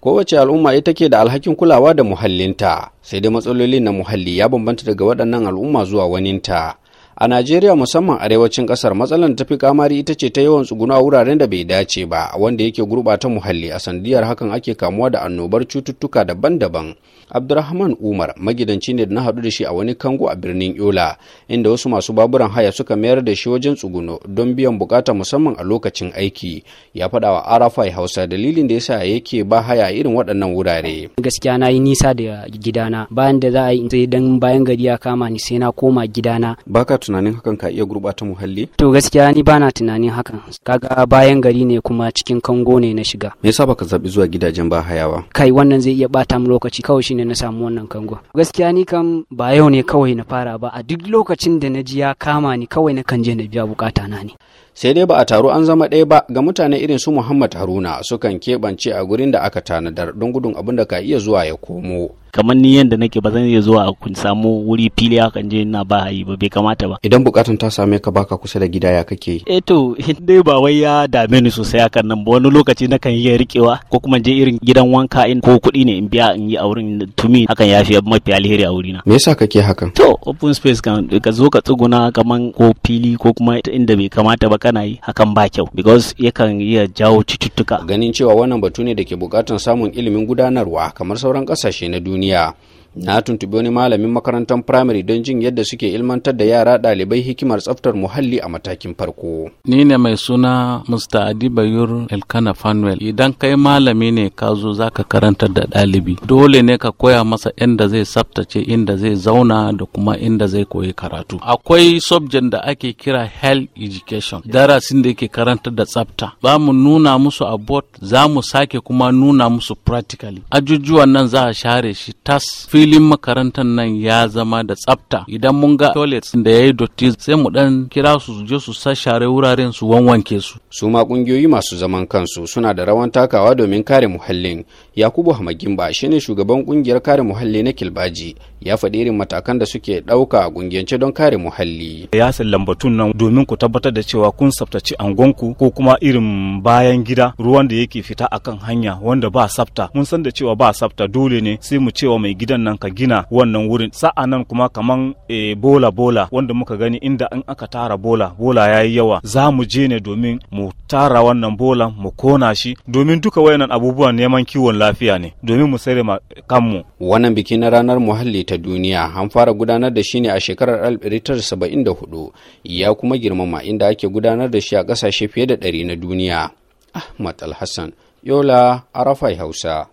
kowace al'umma ita ke da alhakin kulawa da muhallinta sai dai matsalolin na muhalli ya bambanta daga waɗannan al'umma zuwa waninta a najeriya musamman arewacin kasar matsalar tafi kamari ita ce ta yawan tsuguna wuraren da bai dace ba wanda yake gurbata muhalli a sandiyar hakan ake kamuwa da annobar cututtuka daban-daban abdurrahman umar magidanci ne da na haɗu da shi a wani kango a birnin yola inda wasu masu baburan haya suka mayar da shi wajen tsuguno don biyan bukata musamman a lokacin aiki ya faɗa wa arafai hausa dalilin da yasa yake ba haya irin waɗannan wurare gaskiya na yi nisa da gidana bayan da za a yi dan bayan gari ya kama ni sai na koma gidana baka tunanin hakan ka iya gurɓata muhalli to gaskiya ni bana tunanin hakan kaga bayan gari ne kuma cikin kango ne na shiga me yasa baka zabi zuwa gidajen ba hayawa kai wannan zai iya bata mu lokaci kawai shine na samu wannan kango gaskiya ni kam ba yau ne kawai na fara ba a duk lokacin da na ji ya kama ni kawai na kan je na biya bukata na ne sai dai ba a taro an zama ɗaya ba ga mutane irin su Muhammad Haruna sukan keɓance a gurin da aka tanadar don gudun abin da ka iya zuwa ya komo kamar ni yanda nake ba zan iya zuwa kun samu wuri fili hakan je ina ba hayi ba bai kamata ba idan bukatun ta same ka baka kusa da gida ya kake eh to dai ba wai ya dame ni sosai hakan nan ba wani lokaci na kan iya rikewa ko kuma je irin gidan wanka in ko kuɗi ne in biya in yi a wurin tumi hakan ya fi mafi alheri a wuri na. me yasa kake hakan to open space kan ka zo ka tsuguna kaman ko fili ko kuma inda bai kamata ba kana yi hakan ba kyau because yakan iya jawo cututtuka ganin cewa wannan batu ne da ke bukatan samun ilimin gudanarwa kamar sauran kasashe na duniya duniya na tuntubi wani malamin makarantar firamare don jin yadda suke ilmantar da yara ɗalibai hikimar tsaftar muhalli a matakin farko. Ni ne mai suna Mr. Adibayur Elkana Fanuel. Idan kai malami ne ka zo za ka karantar da ɗalibi. Dole ne ka koya masa inda zai tsaftace inda zai zauna da kuma inda zai koyi karatu. Akwai subject da ake kira health education. Darasin da yake karantar da tsafta. Ba mu nuna musu a board za mu sake kuma nuna musu practically. Ajujuwan nan za a share shi tas. filin makarantar nan ya zama da tsafta idan mun ga toilets da ya yi dotti sai mu dan kira su je su sa share wuraren su wanwanke su su ma kungiyoyi masu zaman kansu suna da rawan takawa domin kare muhallin yakubu hamagimba shine shugaban kungiyar kare muhalli na kilbaji ya faɗi irin matakan da suke ɗauka a gungiyance don kare muhalli ya san lambatun nan domin ku tabbatar da cewa kun tsaftace angonku ko kuma irin bayan gida ruwan da yake fita akan hanya wanda ba tsafta mun san da cewa ba tsafta dole ne sai mu cewa mai gidan nan nan ka gina wannan wurin sa'a nan kuma kaman e, bola bola wanda muka gani inda an aka tara bola bola ya yi yawa za mu je ne domin mu tara wannan bola mu kona shi domin duka wayannan abubuwan neman kiwon lafiya ne domin mu sare kanmu wannan biki na ranar muhalli ta duniya an fara gudanar da shi ne a shekarar 1974 ya kuma girmama inda ake gudanar da shi a kasashe fiye da ɗari na duniya ahmad alhassan yola arafai hausa